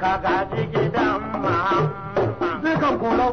ka gaji gidan Muhammad. Zai kan kolo.